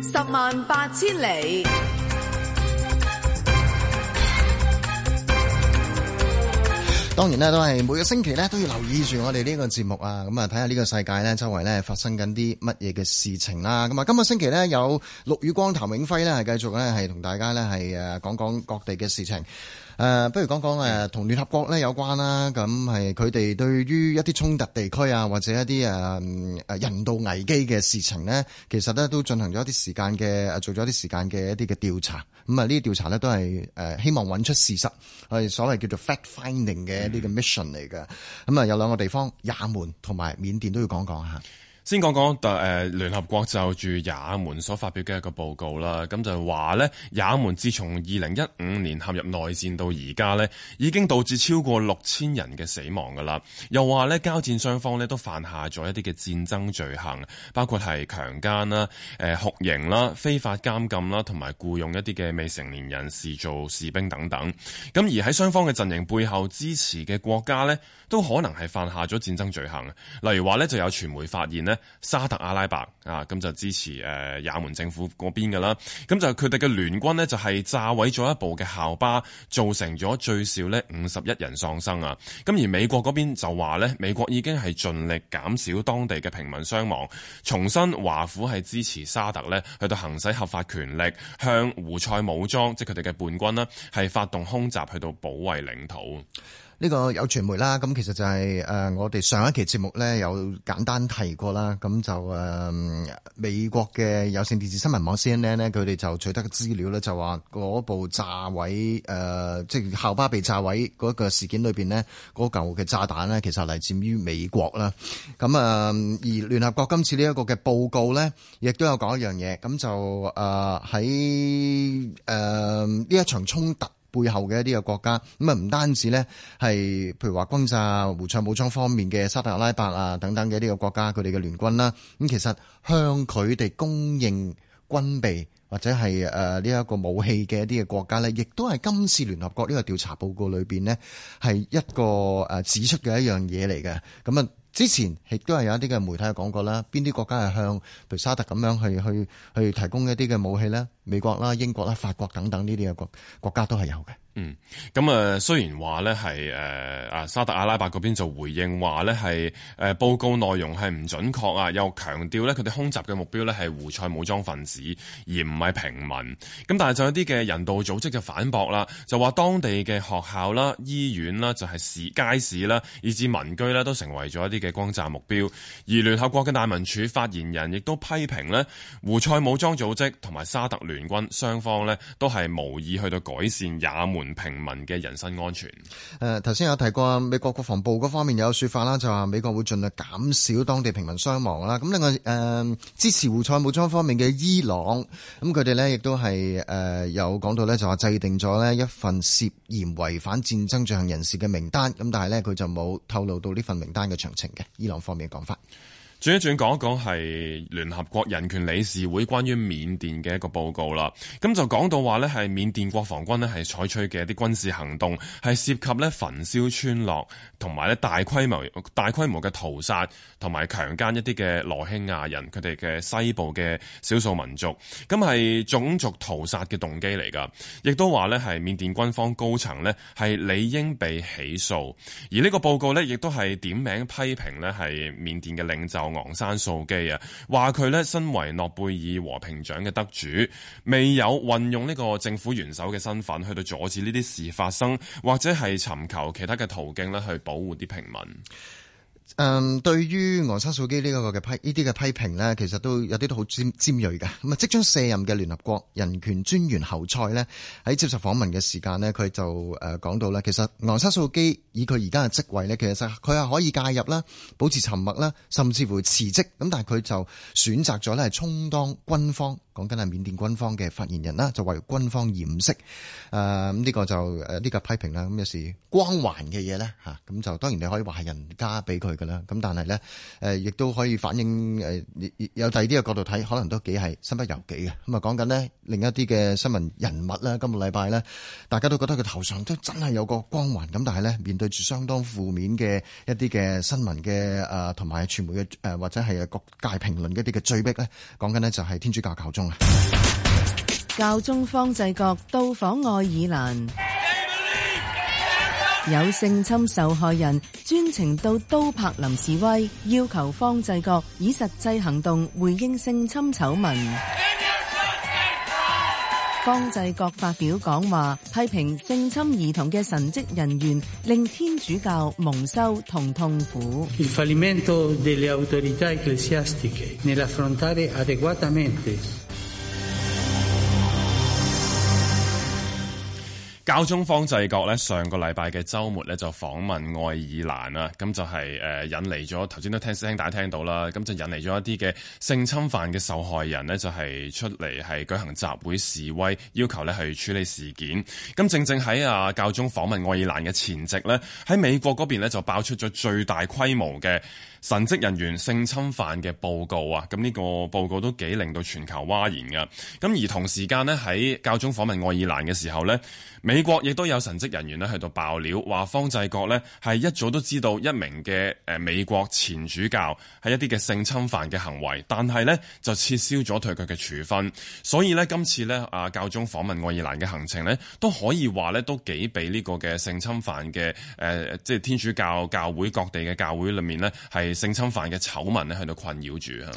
十萬八千里。當然啦，都係每個星期咧都要留意住我哋呢個節目啊。咁啊，睇下呢個世界咧周圍咧發生緊啲乜嘢嘅事情啦。咁啊，今個星期咧有陸宇光譚永輝咧係繼續咧係同大家咧係誒講講各地嘅事情。誒、呃，不如講講誒，同聯合國咧有關啦，咁係佢哋對於一啲衝突地區啊，或者一啲誒誒人道危機嘅事情呢，其實呢都進行咗一啲時間嘅，做咗一啲時間嘅一啲嘅調查。咁啊，呢啲調查呢都係誒希望揾出事實，所謂叫做 fact finding 嘅呢個 mission 嚟嘅。咁啊，有兩個地方，也門同埋緬甸都要講講吓。先講講特誒聯合國就住也門所發表嘅一個報告啦，咁就話咧也門自從二零一五年陷入內戰到而家咧，已經導致超過六千人嘅死亡噶啦。又話咧交戰雙方咧都犯下咗一啲嘅戰爭罪行，包括係強姦啦、誒酷刑啦、非法監禁啦，同埋僱用一啲嘅未成年人士做士兵等等。咁而喺雙方嘅陣營背後支持嘅國家咧，都可能係犯下咗戰爭罪行。例如話咧，就有傳媒發現咧。沙特阿拉伯啊，咁就支持誒、呃、也門政府嗰邊嘅啦，咁就佢哋嘅聯軍呢，就係、是、炸毀咗一部嘅校巴，造成咗最少呢五十一人喪生啊！咁而美國嗰邊就話呢，美國已經係盡力減少當地嘅平民傷亡，重申華府係支持沙特呢去到行使合法權力，向胡塞武裝即係佢哋嘅叛軍啦，係發動空襲去到保衞領土。呢、這個有傳媒啦，咁其實就係誒我哋上一期節目咧有簡單提過啦，咁就誒美國嘅有線電視新聞網 CNN 咧，佢哋就取得嘅資料咧，就話嗰部炸毀誒、呃、即係校巴被炸毀嗰個事件裏邊咧，嗰嚿嘅炸彈咧，其實嚟自於美國啦。咁、嗯、啊，而聯合國今次呢一個嘅報告咧，亦都有講一樣嘢，咁就誒喺誒呢一場衝突。背後嘅一啲嘅國家，咁啊唔單止咧係譬如話轟炸胡塞武裝方面嘅沙特阿拉伯啊等等嘅一啲嘅國家，佢哋嘅聯軍啦，咁其實向佢哋供應軍備或者係誒呢一個武器嘅一啲嘅國家咧，亦都係今次聯合國呢個調查報告裏邊咧係一個誒指出嘅一樣嘢嚟嘅，咁啊。之前亦都係有一啲嘅媒體講過啦，邊啲國家係向，譬如沙特咁樣去去去提供一啲嘅武器咧？美國啦、英國啦、法國等等呢啲嘅國國家都係有嘅。嗯，咁啊，雖然話咧係誒啊沙特阿拉伯嗰邊就回應話咧係誒報告內容係唔準確啊，又強調咧佢哋空襲嘅目標咧係胡塞武裝分子而唔係平民。咁但係就有啲嘅人道組織就反駁啦，就話當地嘅學校啦、醫院啦，就係、是、市街市啦，以至民居咧都成為咗一啲嘅轟炸目標，而聯合國嘅難民署發言人亦都批評咧胡塞武裝組織同埋沙特聯軍雙方咧都係無意去到改善也門。平民嘅人身安全。誒頭先有提過美國國防部嗰方面有説法啦，就話美國會盡量減少當地平民傷亡啦。咁另外誒、呃、支持胡塞武裝方面嘅伊朗，咁佢哋呢亦都係誒、呃、有講到呢就話制定咗呢一份涉嫌違反戰爭罪行人士嘅名單。咁但係呢，佢就冇透露到呢份名單嘅詳情嘅。伊朗方面嘅講法。轉一轉，講一講係聯合國人權理事會關於緬甸嘅一個報告啦。咁就講到話咧，係緬甸國防軍咧係採取嘅一啲軍事行動，係涉及咧焚燒村落，同埋咧大規模、大規模嘅屠殺，同埋強姦一啲嘅羅興亞人，佢哋嘅西部嘅少數民族。咁係種族屠殺嘅動機嚟噶，亦都話咧係緬甸軍方高層咧係理應被起訴。而呢個報告咧，亦都係點名批評咧係緬甸嘅領袖。昂山素姬啊，話佢咧身為諾貝爾和平獎嘅得主，未有運用呢個政府元首嘅身份去到阻止呢啲事發生，或者係尋求其他嘅途徑咧去保護啲平民。誒、嗯，對於昂山素姬呢一個嘅批呢啲嘅批評呢，其實有都有啲都好尖尖銳嘅。咁啊，即將卸任嘅聯合國人權專員侯賽呢，喺接受訪問嘅時間呢，佢就誒講到咧，其實昂山素姬以佢而家嘅職位呢，其實佢係可以介入啦，保持沉默啦，甚至乎辭職。咁但係佢就選擇咗呢係充當軍方。講緊係緬甸軍方嘅發言人啦，就為軍方掩飾，誒咁呢個就誒呢個批評啦。咁有時光環嘅嘢咧嚇，咁就當然你可以話係人家俾佢㗎啦。咁但係咧誒，亦都可以反映誒有第二啲嘅角度睇，可能都幾係身不由己嘅。咁啊講緊咧另一啲嘅新聞人物咧，今個禮拜咧大家都覺得佢頭上都真係有個光環，咁但係咧面對住相當負面嘅一啲嘅新聞嘅誒同埋傳媒嘅誒或者係各界評論嘅一啲嘅追逼咧，講緊咧就係天主教教宗。教宗方濟各到訪愛爾蘭，有性侵受害人專程到都柏林示威，要求方濟各以實際行動回應性侵醜聞。方濟各發表講話，批評性侵兒童嘅神職人員令天主教蒙羞同痛苦。教宗方濟各呢上個禮拜嘅週末呢就訪問愛爾蘭啦，咁就係引嚟咗頭先都聽大家聽到啦，咁就引嚟咗一啲嘅性侵犯嘅受害人呢就係出嚟係舉行集會示威，要求呢去處理事件。咁正正喺啊教宗訪問愛爾蘭嘅前夕呢喺美國嗰邊就爆出咗最大規模嘅神職人員性侵犯嘅報告啊！咁呢個報告都幾令到全球譁然㗎。咁而同時間呢喺教宗訪問愛爾蘭嘅時候呢。美美國亦都有神職人員呢喺度爆料，話方濟各呢係一早都知道一名嘅誒美國前主教係一啲嘅性侵犯嘅行為，但係呢就撤銷咗對佢嘅處分。所以呢，今次呢啊教宗訪問愛爾蘭嘅行程呢，都可以話呢都幾被呢個嘅性侵犯嘅誒即係天主教教會各地嘅教會裏面呢，係性侵犯嘅醜聞呢喺度困擾住吓。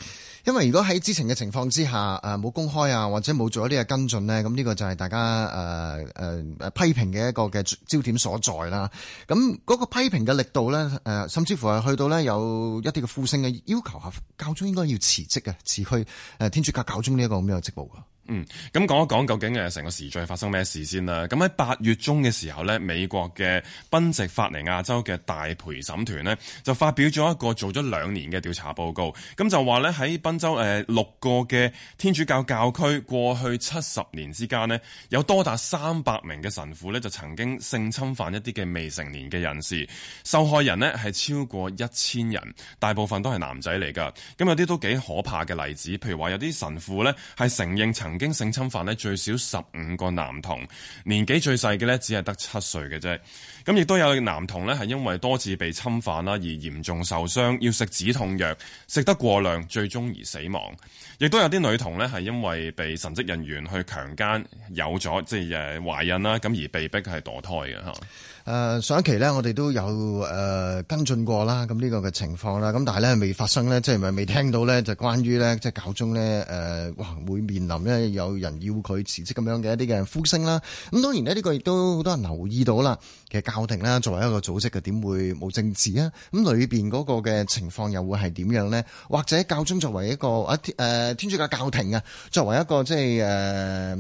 因為如果喺知情嘅情況之下誒冇、呃、公開啊，或者冇做一啲嘅跟進呢，咁呢個就係大家誒誒。呃呃批評嘅一個嘅焦點所在啦，咁、那、嗰個批評嘅力度咧，誒，甚至乎係去到咧有一啲嘅呼聲嘅要求，係教宗應該要辭職啊，辭去誒天主教教宗呢一個咁樣嘅職務。嗯，咁講一講究竟誒成個時序發生咩事先啦？咁喺八月中嘅時候呢，美國嘅賓夕法尼亞州嘅大陪審團呢，就發表咗一個做咗兩年嘅調查報告，咁就話呢，喺賓州誒、呃、六個嘅天主教教區過去七十年之間呢，有多達三百名嘅神父呢，就曾經性侵犯一啲嘅未成年嘅人士，受害人呢係超過一千人，大部分都係男仔嚟噶，咁有啲都幾可怕嘅例子，譬如話有啲神父呢係承認曾經性侵犯咧最少十五個男童，年紀最細嘅咧只係得七歲嘅啫。咁亦都有男童咧係因為多次被侵犯啦而嚴重受傷，要食止痛藥，食得過量最終而死亡。亦都有啲女童咧係因為被神職人員去強奸有咗即係懷孕啦，咁而被迫係墮胎嘅吓。誒上一期咧，我哋都有誒跟進過啦，咁呢個嘅情況啦，咁但係咧未發生咧，即係咪未聽到咧？就關於咧，即係教宗咧，誒哇會面臨咧有人要佢辭職咁樣嘅一啲嘅呼聲啦。咁當然呢，呢個亦都好多人留意到啦。嘅教廷啦，作為一個組織嘅點會冇政治啊？咁裏邊嗰個嘅情況又會係點樣咧？或者教宗作為一個啊天、呃、天主教教廷啊，作為一個即係誒、呃、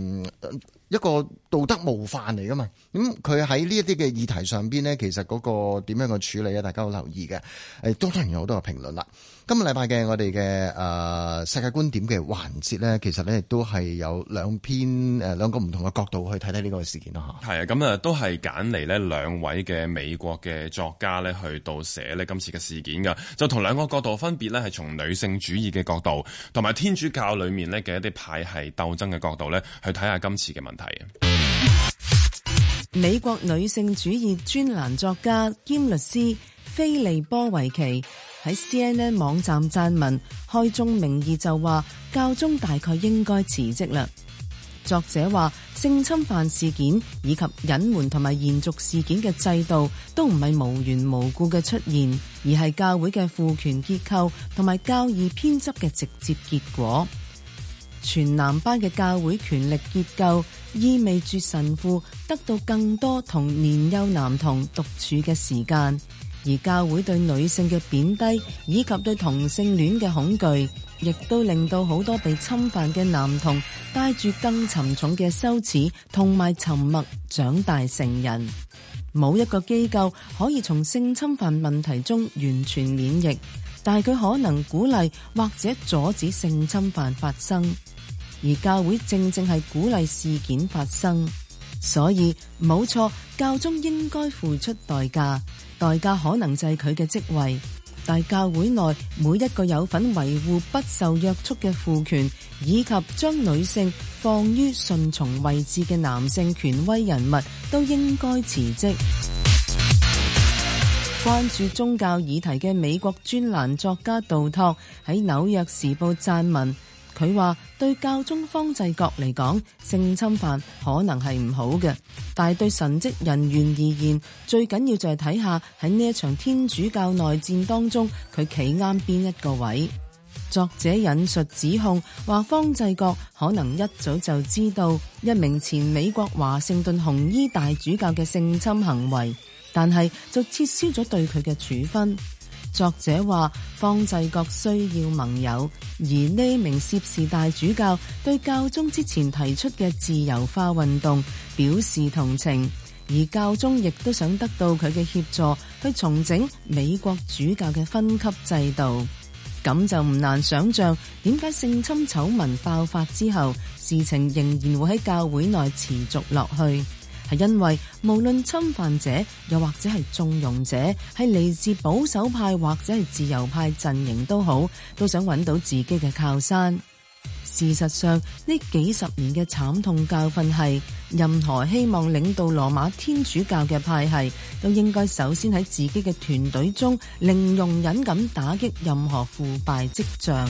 一個道德模範嚟噶嘛？咁佢喺呢一啲嘅議題上邊咧，其實嗰個點樣嘅處理咧，大家好留意嘅。誒，當然有好多嘅評論啦。今日禮拜嘅我哋嘅誒世界觀點嘅環節咧，其實咧亦都係有兩篇誒兩、呃、個唔同嘅角度去睇睇呢個事件咯吓。係啊，咁、嗯、啊都係揀嚟咧兩位嘅美國嘅作家咧去到寫呢今次嘅事件噶就同兩個角度分別咧係從女性主義嘅角度，同埋天主教裏面呢嘅一啲派系鬥爭嘅角度咧去睇下今次嘅問題。美國女性主義專欄作家兼律師菲利波維奇。喺 CNN 網站撰文，開宗明義就話教宗大概應該辭職啦。作者話性侵犯事件以及隱瞞同埋延續事件嘅制度，都唔係無緣無故嘅出現，而係教會嘅父權結構同埋教義偏執嘅直接結果。全男班嘅教會權力結構意味住神父得到更多同年幼男童獨處嘅時間。而教會對女性嘅貶低，以及對同性戀嘅恐懼，亦都令到好多被侵犯嘅男童帶住更沉重嘅羞恥同埋沉默長大成人。冇一個機構可以從性侵犯問題中完全免疫，但係佢可能鼓勵或者阻止性侵犯發生。而教會正正係鼓勵事件發生，所以冇錯，教宗應該付出代價。代價可能就係佢嘅職位，但教會內每一個有份維護不受約束嘅父權，以及將女性放於順從位置嘅男性權威人物，都應該辭職。關注宗教議題嘅美國專欄作家杜托喺《紐約時報》撰文。佢話對教宗方濟各嚟講，性侵犯可能係唔好嘅，但係對神職人員而言，最緊要就係睇下喺呢一場天主教內戰當中，佢企啱邊一個位。作者引述指控，話方濟各可能一早就知道一名前美國華盛頓紅衣大主教嘅性侵行為，但係就撤銷咗對佢嘅處分。作者話：方濟各需要盟友，而呢名涉事大主教對教宗之前提出嘅自由化運動表示同情，而教宗亦都想得到佢嘅協助去重整美國主教嘅分級制度。咁就唔難想像，點解性侵醜聞爆發之後，事情仍然會喺教會內持續落去。係因為無論侵犯者又或者係縱容者，係嚟自保守派或者係自由派陣營都好，都想搵到自己嘅靠山。事實上，呢幾十年嘅慘痛教訓係任何希望領導羅馬天主教嘅派系都應該首先喺自己嘅團隊中，零容忍咁打擊任何腐敗跡象。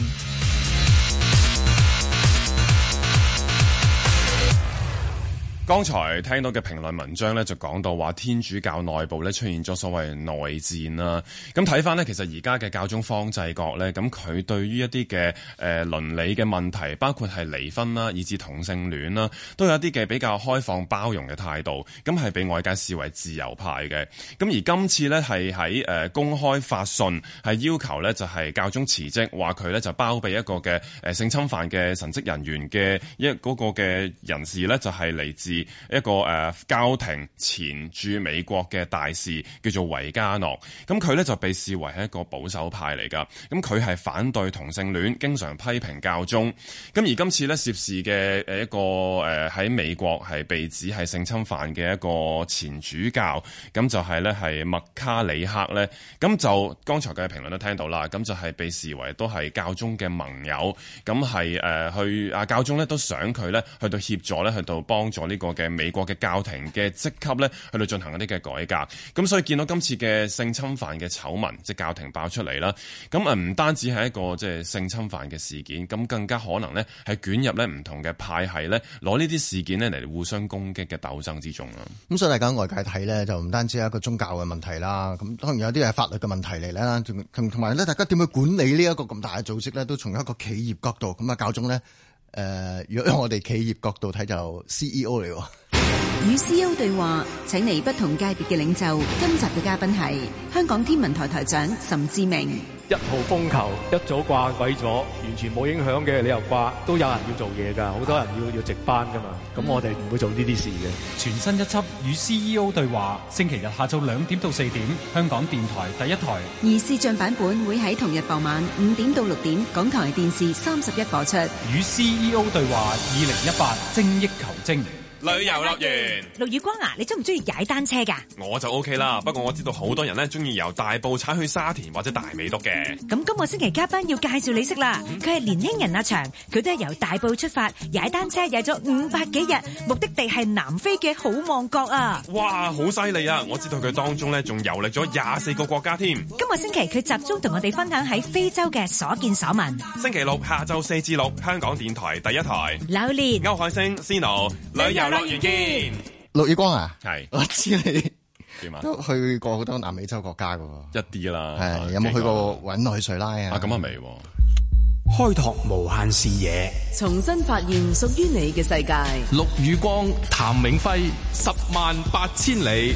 剛才聽到嘅評論文章咧，就講到話天主教內部咧出現咗所謂內戰啦、啊。咁睇翻呢，其實而家嘅教宗方濟各呢，咁、嗯、佢對於一啲嘅誒倫理嘅問題，包括係離婚啦，以至同性戀啦，都有一啲嘅比較開放包容嘅態度。咁係被外界視為自由派嘅。咁、嗯、而今次呢，係喺誒公開發信，係要求呢就係、是、教宗辭職，話佢呢就包庇一個嘅誒、呃、性侵犯嘅神職人員嘅一嗰、那個嘅人士呢，就係、是、嚟自。一個誒教廷前駐美國嘅大使叫做維加諾，咁佢呢就被視為係一個保守派嚟噶咁佢係反對同性戀，經常批評教宗。咁而今次呢涉事嘅誒一個誒喺、呃、美國係被指係性侵犯嘅一個前主教，咁就係呢係麥卡里克呢。咁就剛才嘅評論都聽到啦，咁就係被視為都係教宗嘅盟友，咁係誒去啊教宗呢，都想佢呢去到協助呢，去到幫助呢、這個。嘅美國嘅教廷嘅職級咧，去到進行一啲嘅改革，咁所以見到今次嘅性侵犯嘅醜聞，即係教廷爆出嚟啦，咁唔單止係一個即係性侵犯嘅事件，咁更加可能呢係捲入呢唔同嘅派系呢，攞呢啲事件咧嚟互相攻擊嘅鬥爭之中啦。咁所以大家外界睇呢，就唔單止係一個宗教嘅問題啦，咁當然有啲係法律嘅問題嚟啦，同埋呢，大家點去管理呢一個咁大嘅組織呢，都從一個企業角度咁啊教宗咧。誒、呃，如果我哋企業角度睇就 CEO 嚟喎。與 CEO 對話，請嚟不同界別嘅領袖。今集嘅嘉賓係香港天文台台長岑志明。一號風球一早掛鬼咗，完全冇影響嘅，你又掛都有人要做嘢噶，好多人要要值班噶嘛。咁我哋唔會做呢啲事嘅。全新一輯《與 CEO 對話》，星期日下晝兩點到四點，香港電台第一台。而視像版本會喺同日傍晚五點到六點，港台電視三十一播出。《與 CEO 對話》二零一八精益求精。旅遊樂園，陸宇光啊，你中唔中意踩單車噶？我就 O K 啦，不過我知道好多人咧中意由大埔踩去沙田或者大美督嘅。咁今個星期嘉賓要介紹你識啦，佢係年輕人阿祥，佢都係由大埔出發踩單車，踩咗五百幾日，目的地係南非嘅好望角啊！哇，好犀利啊！我知道佢當中咧仲遊歷咗廿四個國家添。今個星期佢集中同我哋分享喺非洲嘅所見所聞。星期六下晝四至六，香港電台第一台。劉烈、歐海星、Sino 旅遊。六月見，陸宇光啊，係，我知你都去過好多南美洲國家噶，一啲啦，係、啊，有冇去過委內瑞拉啊？啊，咁啊未？開拓無限視野，重新發現屬於你嘅世界。陸宇光，譚永輝，十萬八千里。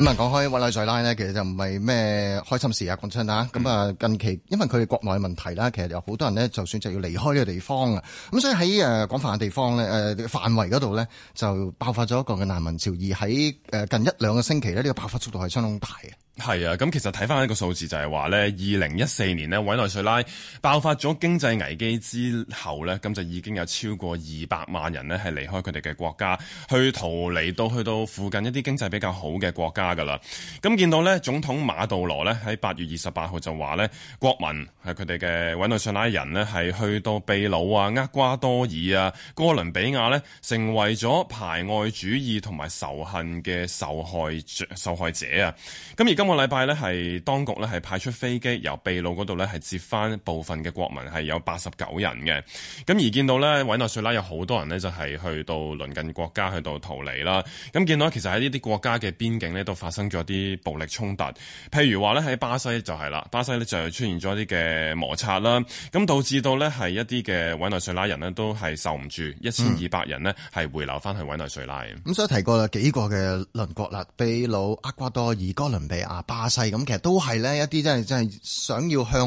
咁、嗯、啊，講開揾拉再拉委內瑞拉呢，其實就唔係咩開心事啊，講真啊。咁、嗯、啊、嗯嗯，近期因為佢哋國內嘅問題啦，其實有好多人呢，就算就要離開嘅地方就選擇要離開呢個地方啊。咁所以喺誒廣泛嘅地方咧、呃，範圍嗰度咧，就爆發咗一個嘅難民潮，而喺近一兩個星期咧，呢、這個爆發速度係相當大嘅。係啊，咁其實睇翻一個數字就係話咧，二零一四年呢，委內瑞拉爆發咗經濟危機之後呢，咁就已經有超過二百萬人呢係離開佢哋嘅國家，去逃離到去到附近一啲經濟比較好嘅國家噶啦。咁見到呢總統馬杜羅呢，喺八月二十八號就話呢，國民係佢哋嘅委內瑞拉人呢，係去到秘魯啊、厄瓜多爾啊、哥倫比亞呢，成為咗排外主義同埋仇恨嘅受害者受害者啊。咁今個禮拜呢係當局呢係派出飛機由秘魯嗰度呢係接翻部分嘅國民，係有八十九人嘅。咁而見到呢，委內瑞拉有好多人呢，就係去到鄰近國家去到逃離啦。咁見到其實喺呢啲國家嘅邊境呢，都發生咗啲暴力衝突，譬如話呢，喺巴西就係啦，巴西呢就出現咗啲嘅摩擦啦。咁導致到呢，係一啲嘅委內瑞拉人呢，都係受唔住，一千二百人呢，係回流翻去委內瑞拉。咁、嗯、所以提過幾個嘅鄰國啦，秘魯、厄瓜多爾、哥倫比亞。啊！巴西咁，其實都係咧一啲真係真係想要向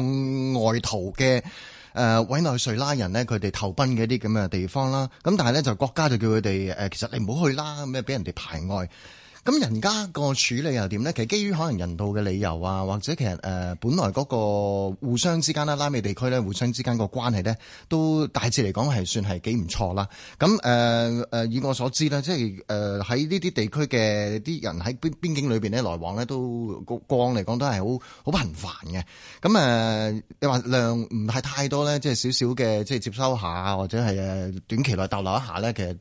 外逃嘅誒委內瑞拉人咧，佢哋投奔嘅一啲咁嘅地方啦。咁但係咧就國家就叫佢哋誒，其實你唔好去啦，咩俾人哋排外。咁人家個處理又點咧？其實基於可能人道嘅理由啊，或者其實誒，本來嗰個互相之間啦，拉美地區咧，互相之間個關係咧，都大致嚟講係算係幾唔錯啦。咁誒誒，以我所知呢，即係誒喺呢啲地區嘅啲人喺邊境裏面咧來往咧，個都個光嚟講都係好好頻繁嘅。咁誒、呃，你話量唔係太多咧，即係少少嘅，即係接收下，或者係短期內逗留一下咧，其實。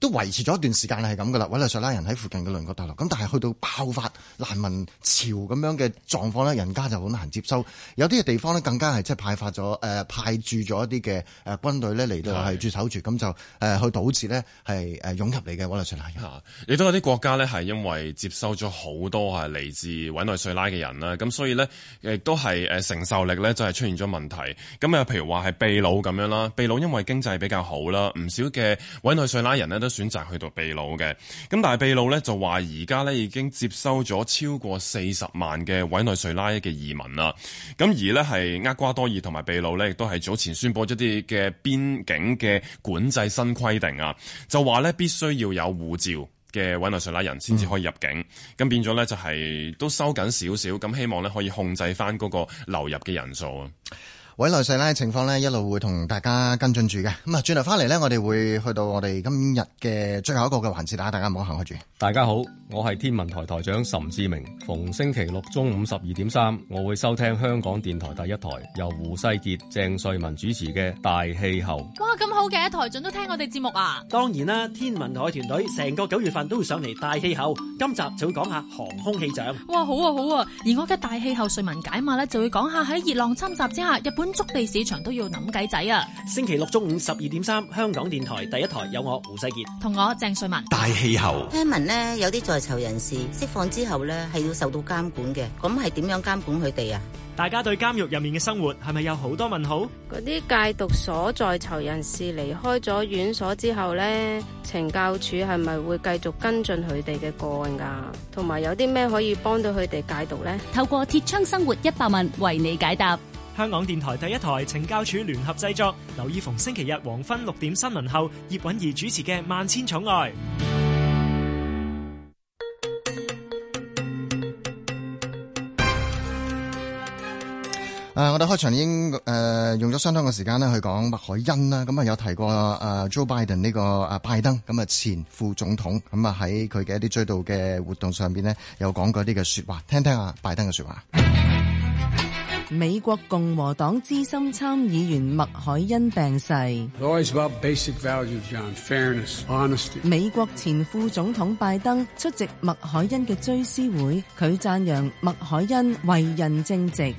都維持咗一段時間係咁噶啦，委內瑞拉人喺附近嘅鄰國大陸。咁但係去到爆發難民潮咁樣嘅狀況咧，人家就好難接收。有啲嘅地方呢更加係即係派發咗、呃、派駐咗一啲嘅誒軍隊呢嚟到係駐守住，咁就誒、呃、去堵截呢係誒湧入你嘅委內瑞拉人。亦都有啲國家呢係因為接收咗好多係嚟自委內瑞拉嘅人啦，咁所以呢，亦都係承受力呢就係出現咗問題。咁啊，譬如話係秘魯咁樣啦，秘魯因為經濟比較好啦，唔少嘅委內瑞拉人呢。都。選擇去到秘魯嘅，咁但係秘魯咧就話而家咧已經接收咗超過四十萬嘅委內瑞拉嘅移民啦，咁而呢，係厄瓜多爾同埋秘魯呢，亦都係早前宣布咗啲嘅邊境嘅管制新規定啊，就話呢必須要有護照嘅委內瑞拉人先至可以入境，咁、嗯、變咗呢，就係都收緊少少，咁希望呢，可以控制翻嗰個流入嘅人數啊。委內瑞拉呢情況呢，一路會同大家跟進住嘅，咁啊轉頭返嚟呢，我哋會去到我哋今日嘅最後一個嘅環節啦，大家唔好行開住。大家好，我係天文台台長岑志明。逢星期六中午十二點三，我會收聽香港電台第一台，由胡世傑、鄭瑞文主持嘅《大氣候》。哇，咁好嘅，台長都聽我哋節目啊！當然啦，天文台團隊成個九月份都會上嚟《大氣候》。今集就會講下航空氣象。哇，好啊，好啊！而我嘅《大氣候》瑞文解碼呢，就會講下喺熱浪侵襲之下，日本，築地市場都要諗計仔啊！星期六中午十二點三，3, 香港電台第一台有我胡世杰同我鄭瑞文。大氣候，聽聞呢，有啲在囚人士釋放之後呢，係要受到監管嘅，咁係點樣監管佢哋啊？大家對監獄入面嘅生活係咪有好多問號？嗰啲戒毒所在囚人士離開咗院所之後呢，懲教署係咪會繼續跟進佢哋嘅個案噶？同埋有啲咩可以幫到佢哋戒毒呢？透過鐵窗生活一百問為你解答。香港電台第一台懲教署聯合製作，留意逢星期日黃昏六點新聞後，葉允儀主持嘅《萬千寵愛》。誒、呃，我哋開場已經誒、呃、用咗相當嘅時間咧去講麥凱恩啦，咁啊有提過誒、呃、Joe Biden 呢，這個啊拜登，咁啊前副總統，咁啊喺佢嘅一啲追悼嘅活動上邊咧，有講過啲嘅說話，聽聽啊拜登嘅說話。美國共和黨資深參議員麥凱恩病逝。美國前副總統拜登出席麥凱恩嘅追思會，佢讚揚麥凱恩為人正直。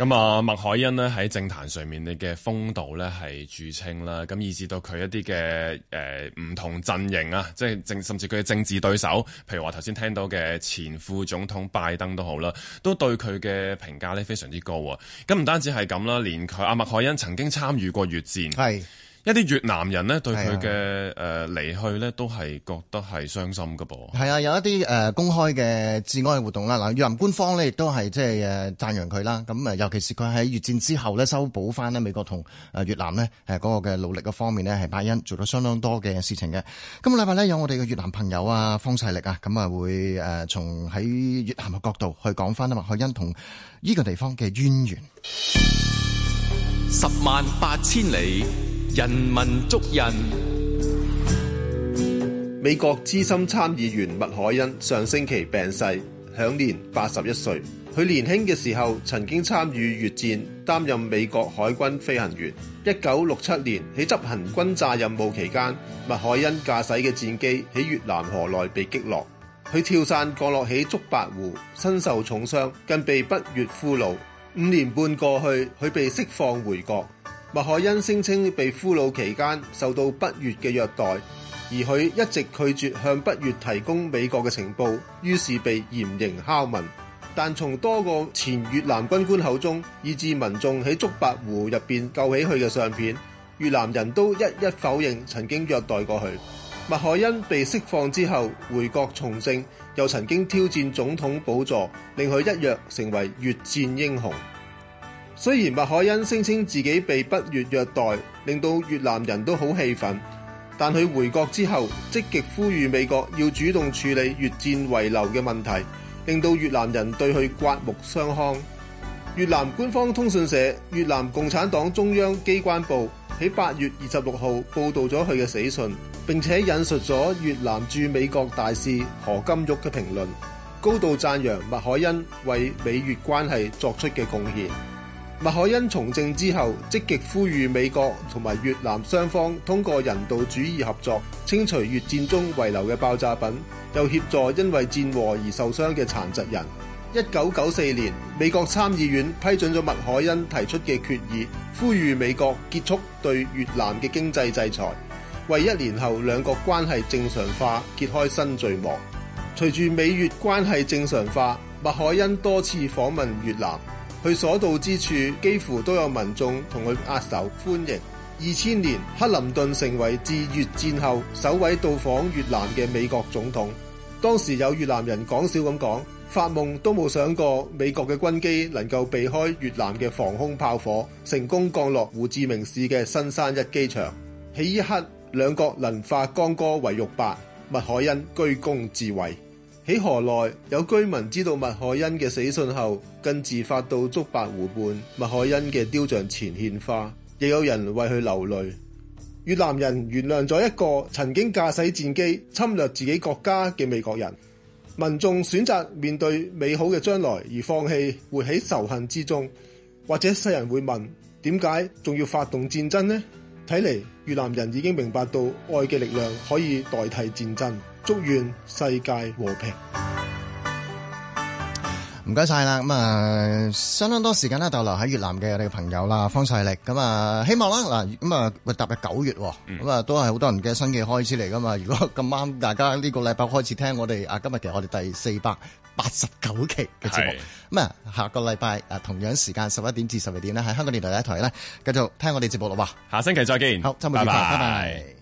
咁啊，麥凱恩呢喺政壇上面嘅風度呢係著稱啦，咁以至到佢一啲嘅誒唔同陣營啊，即係甚至佢嘅政治對手，譬如話頭先聽到嘅前副總統拜登都好啦，都對佢嘅評價呢非常之高啊！咁唔單止係咁啦，連佢阿麥凱恩曾經參與過越戰。係。一啲越南人呢對佢嘅誒離去呢都係覺得係傷心噶噃，係啊，有一啲誒公開嘅致哀嘅活動啦。嗱，越南官方呢亦都係即係誒讚揚佢啦。咁啊，尤其是佢喺越戰之後呢，修補翻呢美國同誒越南呢誒嗰個嘅努力嘅方面呢，係麥凱恩做咗相當多嘅事情嘅。今個禮拜呢，有我哋嘅越南朋友啊方世歷啊，咁啊會誒從喺越南嘅角度去講翻啊麥凱恩同呢個地方嘅淵源。十萬八千里。人文足印，美國資深參議員麥凱恩上星期病逝，享年八十一歲。佢年輕嘅時候曾經參與越戰，擔任美國海軍飛行員。一九六七年喺執行轟炸任務期間，麥凱恩駕駛嘅戰機喺越南河內被擊落，佢跳傘降落喺竹白湖，身受重傷，更被北越俘虜。五年半過去，佢被釋放回國。麥凱恩聲稱被俘虜期間受到北越嘅虐待，而佢一直拒絕向北越提供美國嘅情報，於是被嚴刑拷問。但從多個前越南軍官口中，以至民眾喺竹白湖入邊救起佢嘅相片，越南人都一一否認曾經虐待過佢。麥凱恩被釋放之後回國從政，又曾經挑戰總統寶座，令佢一躍成為越戰英雄。雖然麥凱恩聲稱自己被北越虐待，令到越南人都好氣憤，但佢回國之後積極呼籲美國要主動處理越戰遺留嘅問題，令到越南人對佢刮目相看。越南官方通訊社越南共產黨中央機關部喺八月二十六號報道咗佢嘅死訊，並且引述咗越南駐美國大使何金玉嘅評論，高度讚揚麥凱恩為美越關係作出嘅貢獻。麥凱恩從政之後，積極呼籲美國同埋越南雙方通過人道主義合作，清除越戰中遺留嘅爆炸品，又協助因為戰禍而受傷嘅殘疾人。一九九四年，美國參議院批准咗麥凱恩提出嘅決議，呼籲美國結束對越南嘅經濟制裁，為一年後兩國關係正常化揭開新序幕。隨住美越關係正常化，麥凱恩多次訪問越南。佢所到之處，幾乎都有民眾同佢握手歡迎。二千年，克林頓成為自越戰後首位到訪越南嘅美國總統。當時有越南人講笑咁講，發夢都冇想過美國嘅軍機能夠避開越南嘅防空炮火，成功降落胡志明市嘅新山一機場。喺一刻，兩國能化干戈為玉帛，麥凱恩居功至偉。喺河內，有居民知道麥凱恩嘅死訊後，更自發到竹白湖畔麥凱恩嘅雕像前獻花，亦有人為佢流淚。越南人原諒咗一個曾經駕駛戰機侵略自己國家嘅美國人，民眾選擇面對美好嘅將來而放棄活喺仇恨之中。或者世人會問：點解仲要發動戰爭呢？睇嚟越南人已經明白到愛嘅力量可以代替戰爭。祝願世界和平。唔該晒啦，咁、嗯、啊相當多時間咧逗留喺越南嘅我哋嘅朋友啦，方世歷。咁、嗯、啊，希望啦嗱，咁、嗯、啊，踏入九月，咁、嗯、啊、嗯、都係好多人嘅新嘅開始嚟噶嘛。如果咁啱，大家呢個禮拜開始聽我哋啊，今日其實我哋第四百八十九期嘅節目。咁啊、嗯，下個禮拜啊，同樣時間十一點至十二點咧，喺香港電台第一台咧，繼續聽我哋節目啦。噃，下星期再見，好，週末愉快，拜拜。拜拜。